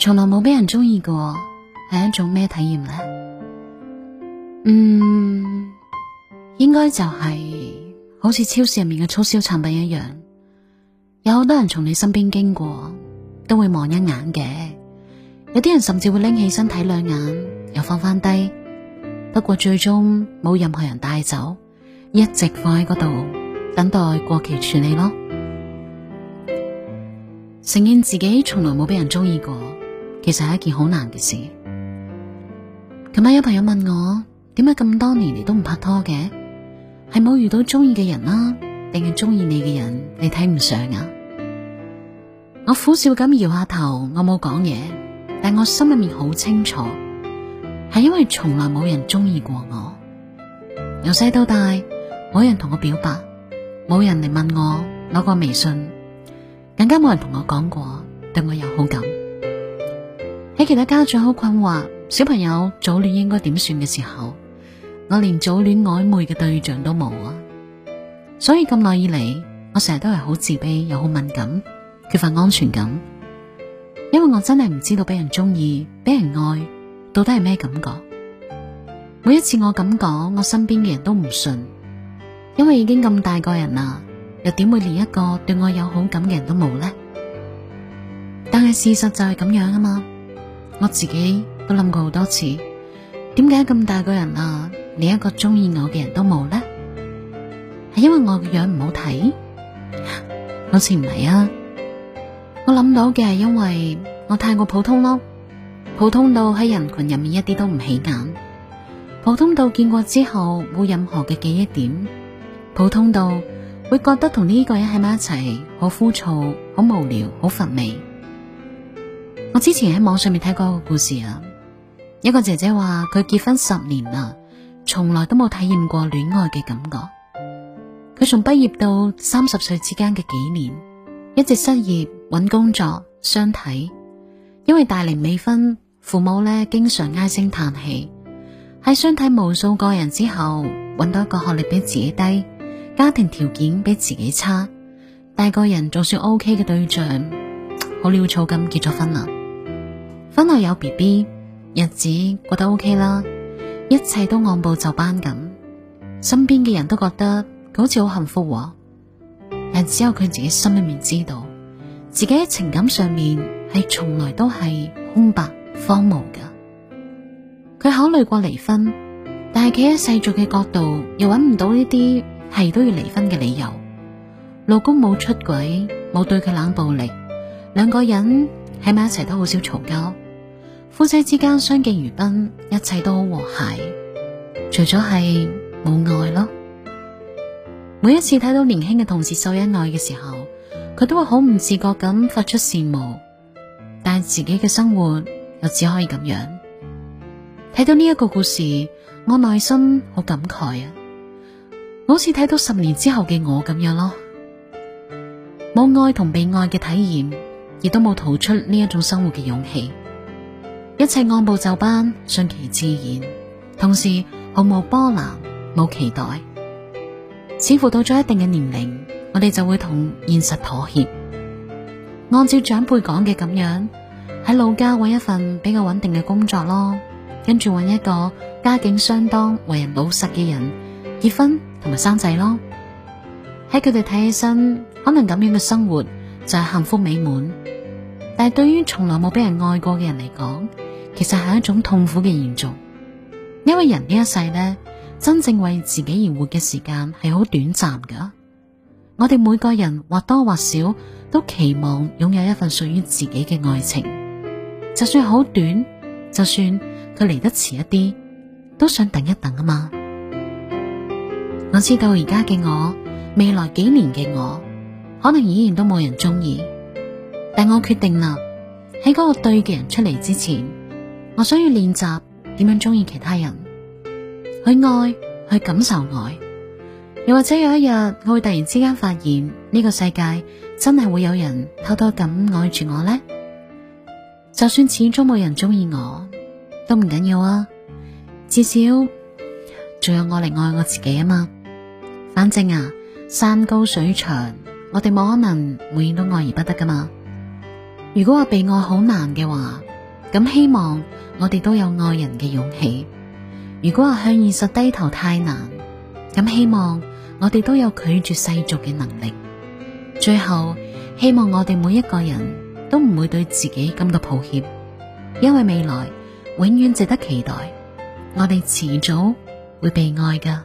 從來冇俾人中意過，係一種咩體驗呢？嗯，應該就係、是、好似超市入面嘅促銷產品一樣，有好多人從你身邊經過，都會望一眼嘅。有啲人甚至會拎起身睇兩眼，又放翻低。不過最終冇任何人帶走，一直放喺嗰度，等待過期處理咯。承認自己從來冇俾人中意過。其實係一件好難嘅事。琴晚有朋友問我點解咁多年嚟都唔拍拖嘅，係冇遇到中意嘅人啦，啊，定係中意你嘅人你睇唔上啊？我苦笑咁搖下頭，我冇講嘢，但我心入面好清楚，係因為從來冇人中意過我。由細到大，冇人同我表白，冇人嚟問我攞個微信，更加冇人同我講過對我有好感。喺其他家長好困惑，小朋友早戀應該點算嘅時候，我連早戀曖昧嘅對象都冇啊！所以咁耐以嚟，我成日都係好自卑，又好敏感，缺乏安全感。因為我真係唔知道俾人中意、俾人愛到底係咩感覺。每一次我咁講，我身邊嘅人都唔信，因為已經咁大個人啦，又點會連一個對我有好感嘅人都冇呢？但係事實就係咁樣啊嘛！我自己都諗過好多次，點解咁大個人啊，連一個中意我嘅人都冇呢？係因為我嘅樣唔好睇？好似唔係啊，我諗到嘅係因為我太過普通咯，普通到喺人群入面一啲都唔起眼，普通到見過之後冇任何嘅記憶點，普通到會覺得同呢個人喺埋一齊好枯燥、好無聊、好乏味。我之前喺網上面睇過一個故事啊，一個姐姐話佢結婚十年啦，從來都冇體驗過戀愛嘅感覺。佢從畢業到三十歲之間嘅幾年，一直失業，搵工作，相睇，因為大齡未婚，父母呢經常唉聲嘆氣。喺相睇無數個人之後，搵到一個學歷比自己低、家庭條件比自己差、大個人仲算 OK 嘅對象，好潦草咁結咗婚啦。婚後有 B B，日子過得 O K 啦，一切都按部就班咁，身邊嘅人都覺得佢好似好幸福，但只有佢自己心裏面知道，自己喺情感上面係從來都係空白荒蕪噶。佢考慮過離婚，但係企喺世俗嘅角度，又揾唔到呢啲係都要離婚嘅理由。老公冇出軌，冇對佢冷暴力，兩個人喺埋一齊都好少嘈交。夫妻之間相敬如賓，一切都好和諧，除咗係冇愛咯。每一次睇到年輕嘅同事秀恩愛嘅時候，佢都會好唔自覺咁發出羨慕，但係自己嘅生活又只可以咁樣。睇到呢一個故事，我內心好感慨啊！我好似睇到十年之後嘅我咁樣咯，冇愛同被愛嘅體驗，亦都冇逃出呢一種生活嘅勇氣。一切按部就班，順其自然，同時毫無波瀾，冇期待。似乎到咗一定嘅年齡，我哋就會同現實妥協，按照長輩講嘅咁樣，喺老家搵一份比較穩定嘅工作咯，跟住搵一個家境相當為人老實嘅人結婚同埋生仔咯。喺佢哋睇起身，可能咁樣嘅生活就係幸福美滿，但係對於從來冇俾人愛過嘅人嚟講，其實係一種痛苦嘅延續，因為人呢一世呢真正為自己而活嘅時間係好短暫噶。我哋每個人或多或少都期望擁有一份屬於自己嘅愛情，就算好短，就算佢嚟得遲一啲，都想等一等啊嘛。我知道而家嘅我，未來幾年嘅我，可能依然都冇人中意，但我決定啦，喺嗰個對嘅人出嚟之前。我想要練習點樣中意其他人，去愛，去感受愛，又或者有一日我會突然之間發現呢個世界真係會有人偷偷咁愛住我呢？就算始終冇人中意我都唔緊要啊，至少仲有我嚟愛我自己啊嘛。反正啊，山高水長，我哋冇可能永遠都愛而不得噶嘛。如果話被愛好難嘅話，咁希望我哋都有愛人嘅勇氣。如果話向現實低頭太難，咁希望我哋都有拒絕世俗嘅能力。最後，希望我哋每一個人都唔會對自己感到抱歉，因為未來永遠值得期待，我哋遲早會被愛噶。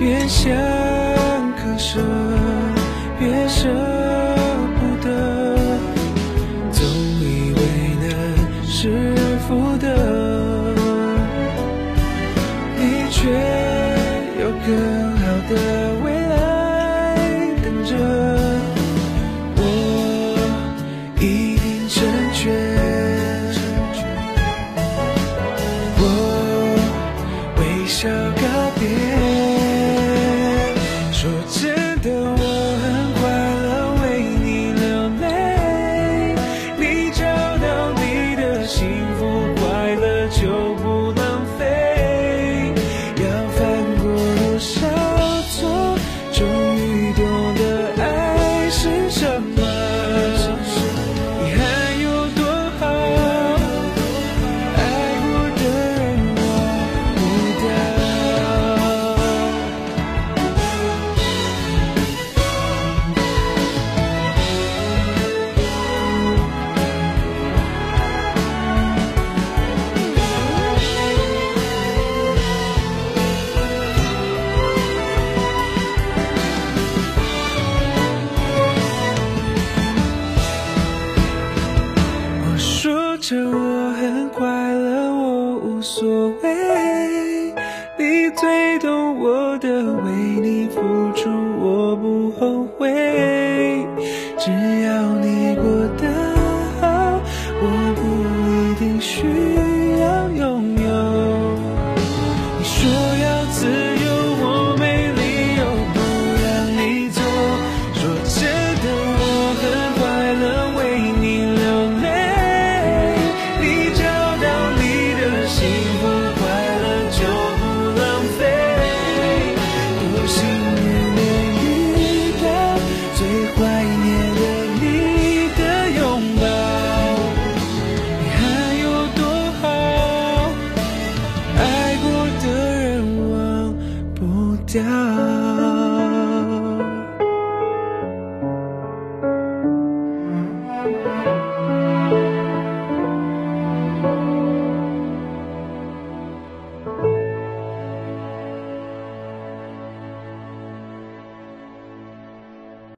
越想割捨，越捨。所謂。家。